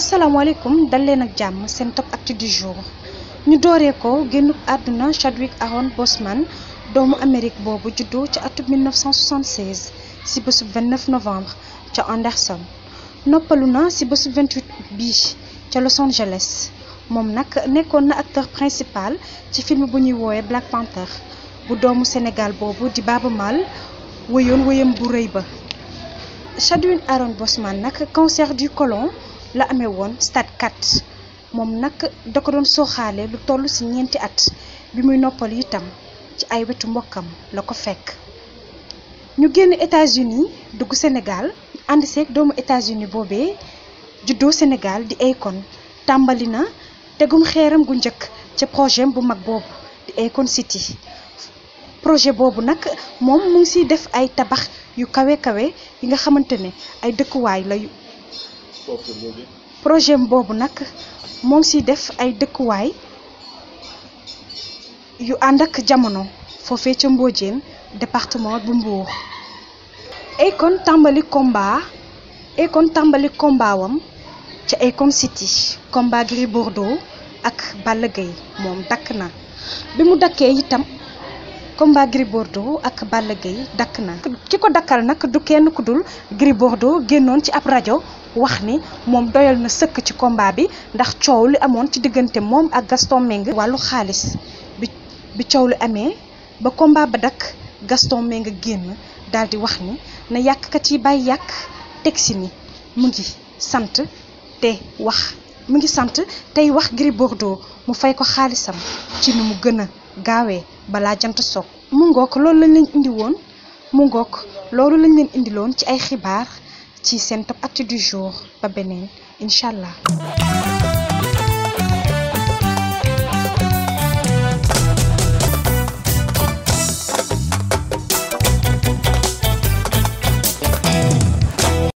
asalaamaaleykum dal leen ak jàmm seen top actu du jour ñu dooree ko génnub àdduna Chadwick Aaron Boseman doomu Amérique boobu juddoo ci atum 1976 si bésub 29 novembre ca Anderson noppalu na ci bésub 28 bii ca Los Angeles moom nag nekkoon na acteur principal ci film bu ñuy woowee Black Panther bu doomu senegal boobu di Baaba Maal wéyoon wéyam bu rëy ba Chadwick Aaron Boseman nag cancer du côlon la amee woon stade 4 moom nag da ko doon sooxaale lu toll ci ñeenti at bi muy noppal itam ci ay wetu mbokkam la ko fekk ñu génn États-Unis dugg Sénégal ànd seeg doomu États-Unis boobee juddoo senegal di Akon tàmbali na tegum xeeram gu njëkk ca projet bu mag boobu di Akon City projet boobu nag moom mu ngi siy def ay tabax yu kawe kawe yi nga xamante ne ay dëkkuwaay la projet boobu nag moo ngi def ay dëkkuwaay yu ànd ak jamono foofee ca Mbodiène département bu Mbour. Akon tàmbali combat tàmbali combat wam ca Akon City combat Gris ak Balla Gaye moom dakk na bi mu dakkee itam combat Gris ak Balla Gaye dakk na. ki ko dakkal nag du kenn ku dul Gris Bordeaux génnoon ci ab rajo. wax ni moom doyal na sëkk ci combat bi ndax coow li amoon ci diggante moom ak Gaston Mbengue wàllu xaalis bi bi coow li amee ba combat ba dakk Gaston Mbengue génn daal di wax ni na yàqkat yi bay yàq teg si ni mu ngi sant te wax mu ngi sant tey wax Gris Bordeaux mu fay ko xaalisam ci ni mu gën a gaawee balaa jant soog mu ngook loolu lañ leen indi woon loolu lañ leen indiloon ci ay xibaar ci seen top actu du jour ba beneen incha allah.